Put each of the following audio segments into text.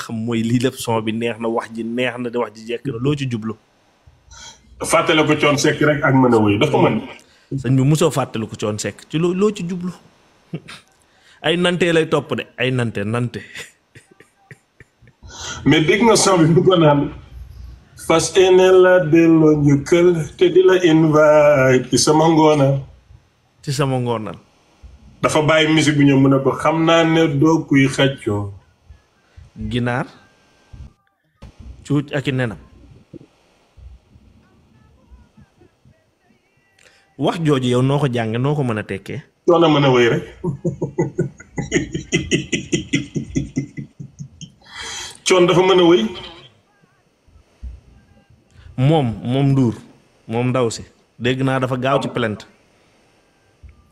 xam mooy lii lépp son bi neex na wax ji neex na di wax ji jekk na loo ci jublu. fàttale ko coon sekk rek ak mën a wéy dafa mën. sëñ bi mosoo fàttale ko coon sekk ci loo ci jublu ay nante lay topp de ay nante nante. mais dégg nga son bi bëggoon naan fas yéene la delloo njukkal te di la invite ci sama ngoonal. ci sama ngoonal. dafa bàyyi musique bi ñëw mën ne ko xam naa ne doo kuy xàccoo. ginaar cuuj ak i nenam wax jooju yow noo ko jànge noo ko mën a tekkee doona mën a wéy rek coon dafa mën a wéy moom moom nduur moom ndaw si dégg naa dafa gaaw ci plainte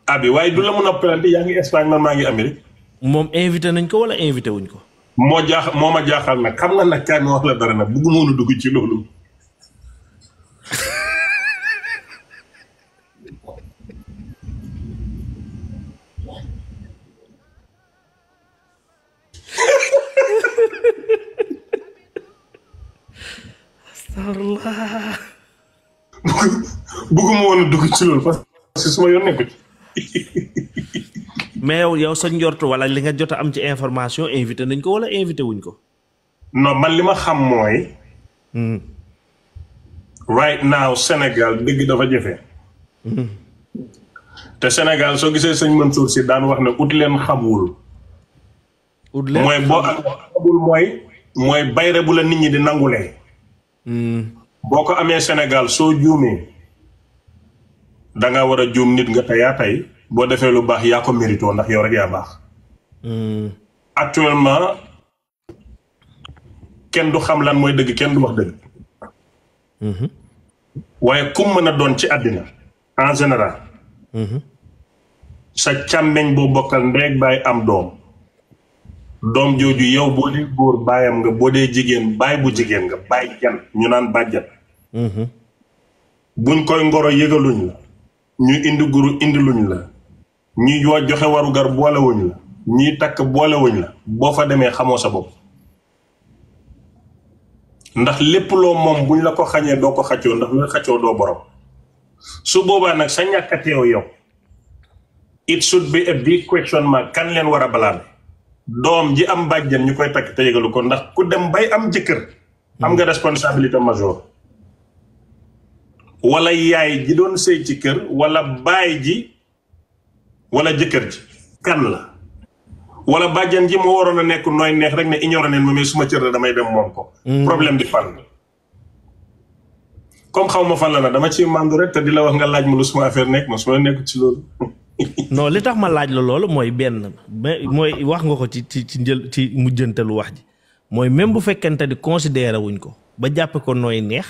abi waaye du la mën a plainte yaa ngi Espagne man maa ngi Amérique moom invité nañ ko wala invité wuñ ko moo jaax moo ma jaaxal nag xam nga nag kaay ma wax la dara nag bëgguma woon a dugg ci loolu. astafurlah. woon dugg ci loolu parce su ma yónnee ko ci. mais yow yow sa njort wala li nga jot am ci information invité nañ ko wala invité wuñ ko. non man li ma xam mooy. Hmm. right now senegal dëgg dafa jafe. Hmm. te senegal soo gisee sëñ Mansour si daan wax ne ut leen xamul. ut leen mooy boo xamul mooy. mooy bayre bu la nit ñi di nangulee. Hmm. boo ko amee senegal soo juumee da nga war a juum nit nga tayaa tey. boo defee lu baax yaa ko mérito ndax yow rek yaa baax. Hmm. actuellement kenn du xam lan mooy dëgg kenn du wax dëgg. Hmm. waaye ku mën a doon ci àddina en général. Hmm. sa càmmeñ boo bokkal ndeeg baay am doom. doom jooju yow boo dee baayam nga boo dee jigéen baay bu jigéen nga baay jan ñu naan bàjjan. buñ koy ngoro yëgaluñ la. ñu indi guru indi luñ la. ñi yoo joxe warugar boole wuñ la ñii takk boolewuñ la boo fa demee xamoo sa bopp ndax lépp loo moom buñ la ko xañee doo ko xaccoo ndax nga xaccoo doo borom su boobaa nag sa ñàkk a yow it should bi a big kan leen war a balaame doom ji am bàjjen ñu koy takk te yëgalu ko ndax ku dem bay am jëkkër am nga responsabilité majeure wala yaay ji doon sëy ci kër wala baay ji wala jëkkër ji kan la wala bàjjan ji moo waroon a nekk nooy neex rek ne ignoré neen ma mais su ma cër la damay dem moom ko hmm. problème di fan comme xaw ma fal la na dama ci màndu rek te di la wax nga laaj ma lu suma affaire nekk ma su ma nekk ci loolu non li tax ma laaj la loolu mooy benn mooy wax nga ko ci ci ci njël ci mujjantelu wax ji mooy même bu fekkente di considéré wuñ ko ba jàppe ko nooy neex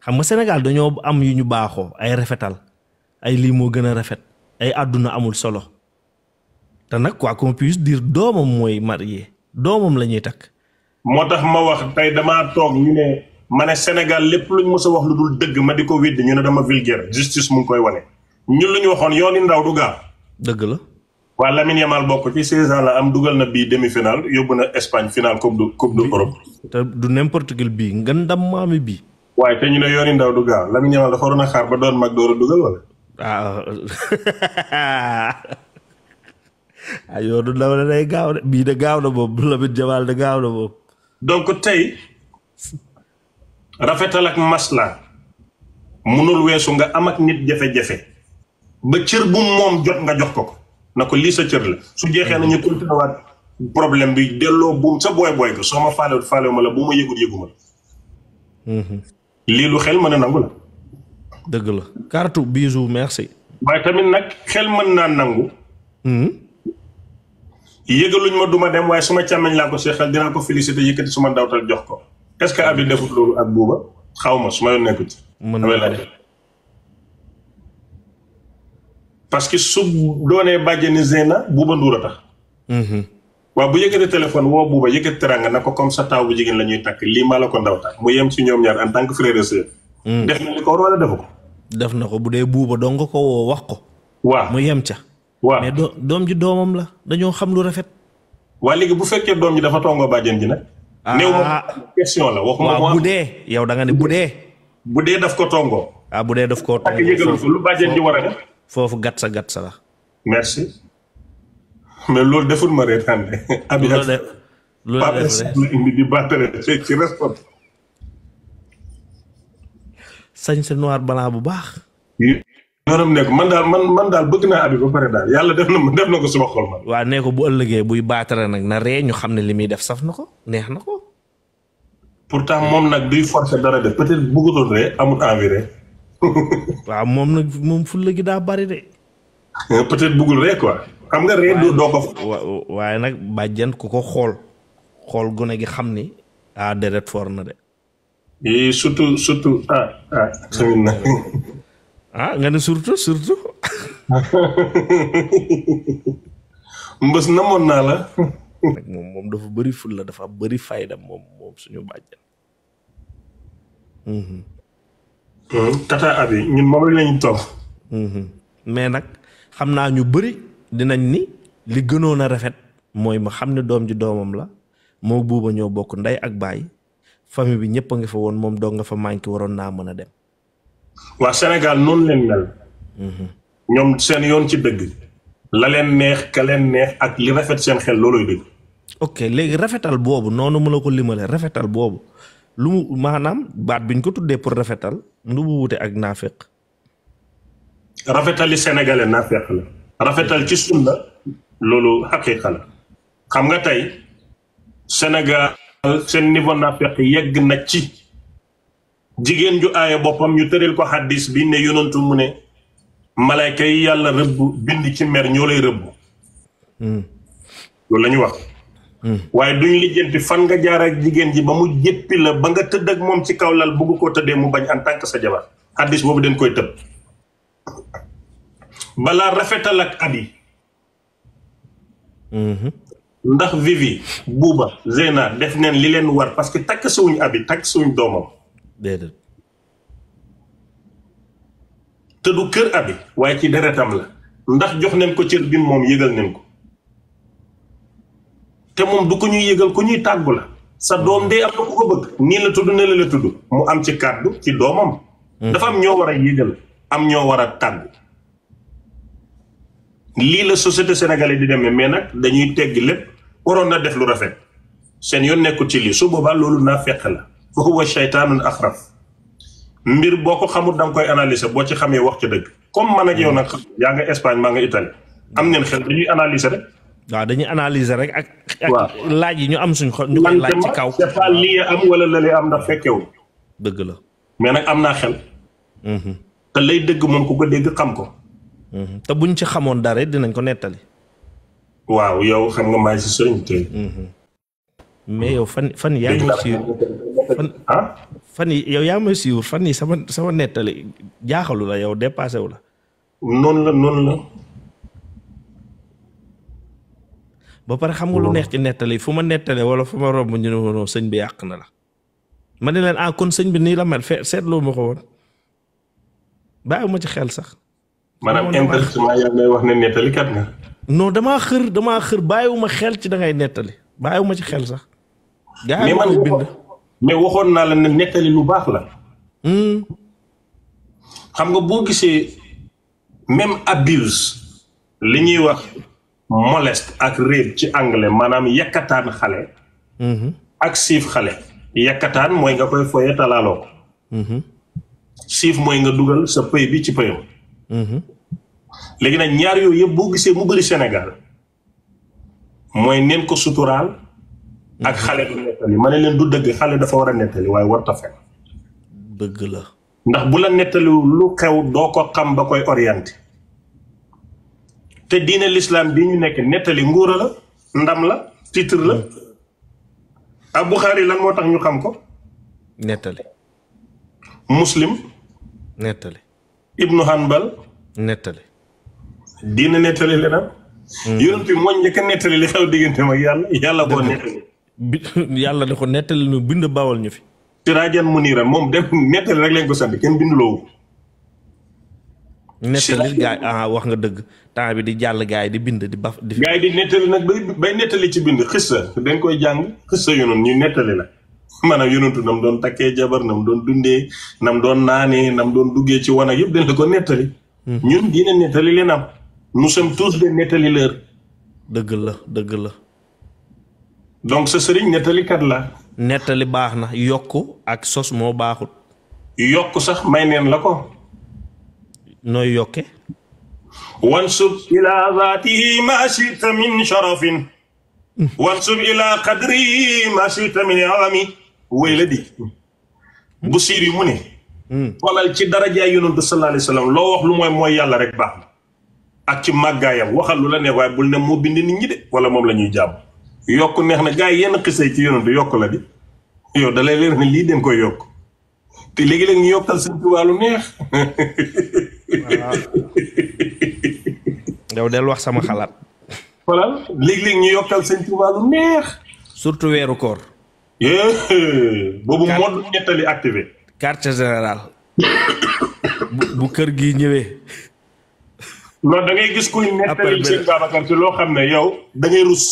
xam nga Sénégal dañoo am yu ñu baaxoo ay rafetal ay lii moo gën a rafet ay àdduna amul solo te nag quoi qu'on diir dire doomam mooy marié doomam la ñuy takk. moo tax ma wax tey damaa toog ñu ne ma ne Sénégal lépp luñ mës a wax lu dul dëgg ma di ko wéddi ñu ne dama vulgaire justice mu ngi koy wane ñun lu ñu waxoon i ndaw du gaaw. dëgg la. waa Lamine Yamal bokk ci 16 la am dugal na bii demi-finale yóbbu na Espagne finale coupe du coupe du Europe. te du n'importe quel bii nga ndam maami bii. waaye te ñu ne yooni ndaw du gaaw la Yamal dafa waroon a xaar ba doon mag door waaw ah, ah. ah, yoonu ndaw la day gaaw de bii de gaaw na moom Lamine Jamaal de gaaw na moom. donc tey rafetal ak masla mënul weesu nga am ak nit jafe-jafe ba cër bu moom jot nga jox ko ko na ko lii sa cër la su jeexee nañu continué waat problème bi delloo buum sa booy booy ko soo ma faalewut faalewu ma la bu ma yëgul yëgu mhm. lii lu xel mën a nangu la. dëgg la kartu bisou merci. waaye tamit nag xel mën naa nangu. Hmm? yëgaluñ ma duma dem waaye suma càmmeñ laa ko seexal dinaa ko féliciter yëkkati suma ndawtal jox ko est-ce que abi defut loolu ak buuba xaw ma su ma yoon nekku ci. mën na parce que su doonee bàjjeni Zeyna buuba nduur a tax. Hmm. waaw bu yëkkati téléphone woo buuba yëkkati teranga na ko comme sa taaw bu jigéen la ñuy takk lii maa la ko ndawtal mu yem ci ñoom ñaar en tant que hmm. def na li ko defu ko. def na ko bu dee buuba dong ko woo wax ko. waaw mu yem ca. waaw mais doom ji doomam la dañoo xam lu rafet. waa léegi bu fekkee doom ji dafa tongo bàjjen ji nag. Ah. néew ma question la waxuma. waaw ah. bu dee yow da ne bu dee. bu dee daf ko tongoo. ah bu dee daf koo tongoo. ak lu bàjjen ji war foofu gàtt sa gàtt sa la. merci mais loolu deful ma reetaan de. loolu de loolu de indi sañ sa noir blanc bu baax. yoonam nekk man daal man man daal bëgg naa abi ba pare daal yàlla def na def na ko sama xol man. waaw ko bu ëllëgee buy baatara na ree ñu xam ne li muy def saf na ko neex na ko. pourtant moom nag duy forcer dara def peut-être bëggutoon ree amul envie rek. waaw moom nag moom fulla daa bari de. peut-être bëggul ree quoi. xam nga doo ko. waaye nag bàjjan ku ko xool xool gone gi xam ni ah deret for na de. et surtout surtout ah ah. tamit nag. Ah, surtout surtout. mbës namoon naa la. moom moom dafa bëri ful dafa bëri fayda moom moom suñu bàjjan. Mhm. Hmm, tata abi ñun moom lañu toog. Mhm. mais nag xam naa ñu bëri dinañ ni li gënoon a rafet mooy ma xam ne doom ji doomam la moo buuba ñoo bokk ndey ak baay. famille bi ñëpp a ngi fa woon moom doo nga fa manqué waroon naa mën a dem. waa Sénégal noonu leen mel. Mhm. ñoom seen yoon ci dëgg. la leen neex ka leen neex ak li rafet seen xel looloy dëgg. ok léegi rafetal boobu noonu mu la ko limale rafetal boobu lu mu maanaam baat bi ñu ko tuddee pour rafetal nu mu wute ak naafeq. rafetali sénégalais naafeq la. rafetal ci sunna loolu xaqiqa la. xam nga tey Sénégal. Euh, seen niveau naafeq yegg na ci jigéen ju aaya boppam ñu tëral ko xaddis bi ne yonantu mu ne malayka yi yàlla rëbb bind ci meer ñoo lay rëbb hmm. loolu la wax hmm. waaye duñ lijjanti fan nga jaar jigéen ji ba mu jéppi la ba nga tëdd ak moom ci kaw lal bugg koo tëddee mu bañ en tant que sa jabar xaddis boobu dañ koy tëb balaa rafetal ak abi hmm. ndax Vivi Bouba Zeyna def neen li leen war parce que takk suñu abi takk suñu doomam. déedéet. te du kër abi waaye ci deretam la ndax jox neen ko cër bi moom yëgal neen ko te moom du ko ñuy yëgal ku ñuy tàggu la sa doom dee am na ku ko bëgg nii la tudd ne la la tudd mu am ci kàddu ci doomam. Hmm. dafa am ñoo war a yëgal am ñoo war a tàggu. lii la société sénégalaise di demee mais nag dañuy tegg lépp. waroon na def lu rafet seen yoon nekkul ci lii su boobaa loolu naa fekk la fa huwa shaytaanun axraf mbir boo ko xamut da nga koy analyser boo ci xamee wax ca dëgg comme man ak yow nag yaa nga Espagne maa nga Italie am neen xel dañuy analyser rek waaw dañuy analyser rek ak ak laaj yi ñu am suñ xol ñu koy laaj ci kaw c'est pas lii am wala lalee am ndax fekkewu dëgg la mais nag am naa xel mhm. te lay dëgg moom ku ko dégg xam ko mhm. te buñ ci xamoon dara dinañ ko nettali waaw yow xam nga maay si sëriñ tey. Mm-hmm. mais yow fan fan yaa ngi ah? yi yow yaa may suivre fan yi sama sama nettali jaaxalu la yow dépassé wu la. noonu la noonu la. ba pare xam nga lu neex ci nettali fu ma nettale wala fu ma romb ñu ne woon sëñ bi yàq na la. ma ne leen ah kon sëñ bi nii la mel fe seetloo ma ko woon bàyyi ma ci xel sax. maanaam internet yaa ngay wax ne nettalikat nga. non damaa xër damaa xër bàyyiwuma xel ci dangay ngay nettali bàyyiwuma ci xel sax. gaa yi man bind mais waxoon naa la ne nettali lu baax la. Hmm. xam nga boo gisee même abuse li ñuy wax moleste ak rape ci anglais maanaam yakkataan xale. Hmm. ak siif xale. yakkataan mooy nga koy foyee talaaloo hmm. siif mooy nga dugal sa pëy bi ci pëyam. léegi nag ñaar yooyu yëpp boo gisee mu bëri senegal mooy neen ko suturaal ak xale du nettali ma ne leen du dëgg xale dafa war a nettali waaye warta fen dëgg la ndax bu la nettali lu xew doo ko xam ba koy orienté te diine lislaam bi ñu nekk nettali nguura la ndam la titre la ab Buxaari lan moo tax ñu xam ko nettali muslim nettali ibnu hanbal nettali dina nettali leneen. Hmm. yonent bi moo njëkk nettali li xew diggante mag yàlla yàlla nettali. yàlla da ko nettali bind bawal ñu fi. siraajan muniiran moom def nettali rek lañ ko sant kenn binduloo ko. nettali ah, wax nga dëgg temps bi di jàll yi di bind di baf di. di nettali nag bay ci bind xissa dañ koy jàng xissa yonoon ñu nettali la maanaam yonantu nam doon takkee jabar nam doon dundee nam doon naanee nam doon duggee ci wana yëpp dañ ko nettali. Hmm. ñun nous sommes tous des nettalileurs. dëgg la dëgg la. donc sa sëriñ nettalikat la. nettali baax na yokk ak sos moo baaxul. yokk sax may neen la ko. nooy yokke. wansub ilaa zaatihi maa chita min sharafin. wansub ilaa qadrihi maa chita min alami. wéy la di. bu siir yi mu ne. Hmm. xoolal ci darajaay yonantu sallallahu alayhi loo wax lu mooy mooy yàlla rek baax ak ci màggaayam waxal lu la neex waaye bul ne moo bind nit ñi de wala moom la ñuy jàmm yokk neex na gars yi yenn xisay ci yonent yokk di yow da lay leer lii dañ koy yokk te léegi-léegi ñu yokkal seen tubaab lu neex. wax sama xalaat. voilà léegi-léegi ñu yokkal seen tubaab surtout weeru koor. Eh, boobu moo ñettali activé. carte générale. bu kër gi ñëwee. non dangay gis kuy nettali sëñ Babacar ci loo xam ne yow da ngay rus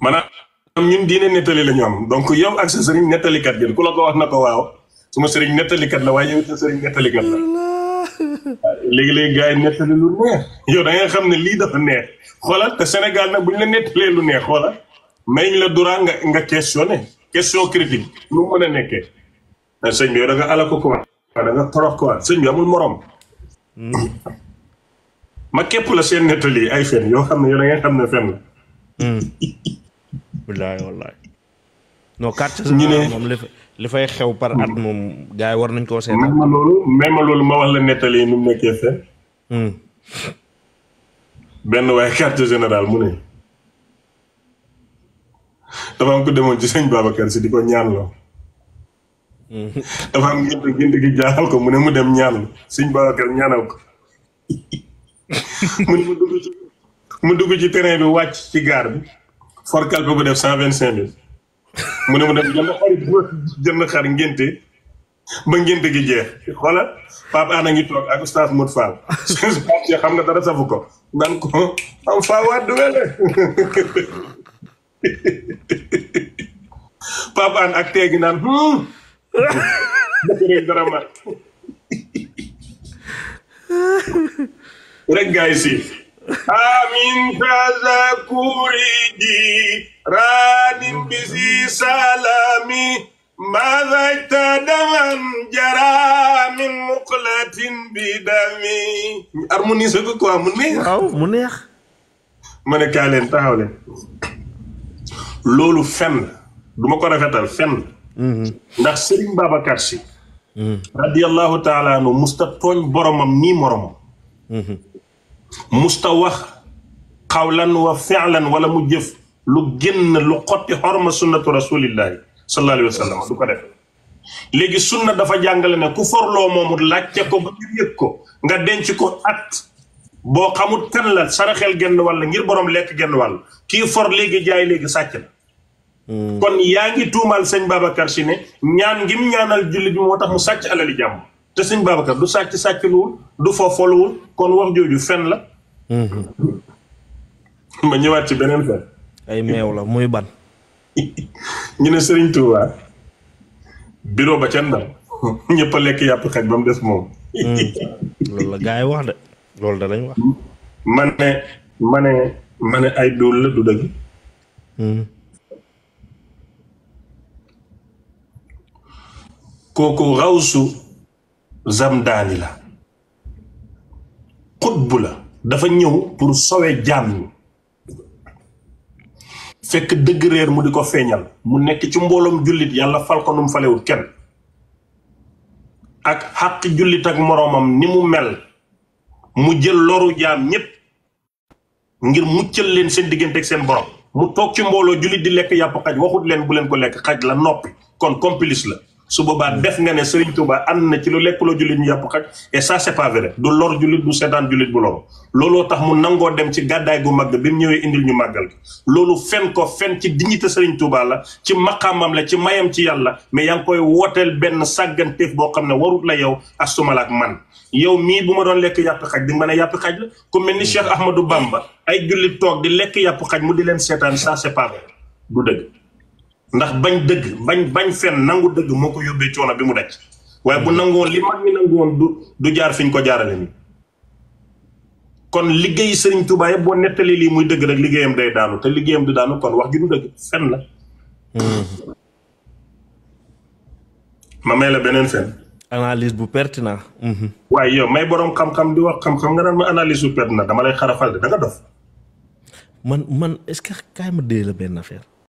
maanaam ñun diine nettali la ñu am donc yow ak sa sëriñ nettalikat bi ku la ko wax na ko waaw suma sëriñ nettalikat la waaye yow sa la léegi-léegi gars yi nettali lu neex yow da xam ne lii dafa neex xoolal te Sénégal nag bu ñu la nettalee lu neex xoolal may ñu la duraan nga nga questionné question critique lu mu a nekkee sëñ bi yow da nga ala ko quoi da nga torox quoi sëñ bi amul morom Mm. ma képp la seen nettali ay fen yoo xam ne yow da ngeen xam ne fen la. Mm. wallaay wallaay. non carte ñu moom li fay xew par at moom gars yi war nañ koo seetaan. même ma loolu même ma loolu ma wax la nettali nu mu nekkee fen. Mm. benn waaye carte générale mu ne. dafa am ko demoon ci sëñ Babacar si di ko ñaanloo. Mm-hmm. dafa am gént gént gi ko mu ne mu dem ñaanal suñ Babacar ñaanal ko mu mu dugg ci mu dugg ci terrain bi wàcc ci gaar bi for calpe bu def cent vingt cinq mille mu ne mu dem jënd xar jënd xar ngénte ba ngénte gi jeex xoolal Pape Ana ak xam nga dara safu ko daan teegi naan dëgg dara ma rek gaay amin kaza kuridi ranin bisi salami ماذا اهتدى من جرى من مقلة بدمي harmonie sa ko quoi mu neex waaw mu neex ma ne loolu fen du ma ko rafetal fen Mm-hmm. ndax Serigne Babacar Sy mm-hmm. radiallahu taala anhu musta tooñ boromam nii moromam mm-hmm. musta wax xawlan wa fi'lan wala mu jëf lu génn lu xotti xorma sunnatu rasulillahi sallallahu alayhi wa sallam du ko def léegi sunna dafa jàngale ne ku forloo moomut laajte ko ba ñu yëg ko nga denc ko at boo xamut kan la saraxel genn wàll ngir borom lekk genn wàll kii for léegi jaay léegi sàcc la Hmm. kon yaa ngi tuumaal sëñ Babacar si ne ñaan ngim ñaanal jullit moo tax mu sàcc alali jàmm te sëñ Babacar du sàcc sàccluwul du foofooluwul kon wax jooju fen la. Hmm. ma ñëwaat ci beneen fen. ay meew la muy ban. ñu ne Serigne Touba bureau ba ca Ndar ñëpp a lekk yàpp xaj ba mu des moom. Hmm. loolu la gars yi wax de loolu da lañ wax. ma ne ma ne ma ne ay dóol la du dëgg. kooku rawsu zamdaani la xutbu la dafa ñëw pour sowe jaam ñi fekk dëgg réer mu di ko feeñal mu nekk ci mbooloom jullit yàlla fal ko num falewul kenn ak xàq jullit ak moroomam ni mu mel mu jël loru jaam ñépp ngir cël leen seen diggante ak seen borom mu toog ci mbooloo jullit di lekk yàpp xaj waxut leen bu leen ko lekk xaj la noppi kon complice la su boobaa def nga ne Serigne Touba ànd na ci lu lekk loo jullit ñu yàpp xaj e ça c'est pas du lor jullit bu seetaan jullit bu lor looloo tax mu nangoo dem ci gàddaay gu màgg bi ñëwee indil ñu màggal gi loolu fen ko fen ci dignité Serigne Touba la ci maqaamam la ci mayam ci yàlla mais yaa ngi koy wooteel benn sàgganteef boo xam ne warut la yow astumala ak man yow mii bu ma doon lekk yàpp xaj di nga mën a yàpp xaj la ku mel ni Cheikh Ahmadou Bamba ay jullit toog di lekk yàpp xaj mu di leen seetaan ça c'est pas vrai du dëgg ndax bañ dëgg bañ bañ fen nangu dëgg moo ko yóbbee coono bi mu daj waaye bu hmm. nangu woon li mag mi nangu woon du jaar fi ñu ko jaarale ni kon liggéey sëriñ Tuubaa yëpp boo nettalee lii muy dëgg rek liggéeyam day daanu te liggéeyam du daanu kon wax ju du dëgg fen la hmm. ma may la beneen fen analyse bu perte pertinent hmm. waaye yow may boroom xam-xam di wax xam-xam nga daan ma analyse bu pertinent dama lay xarafal de da nga dof man man est-ce que kaay ma dee la benn affaire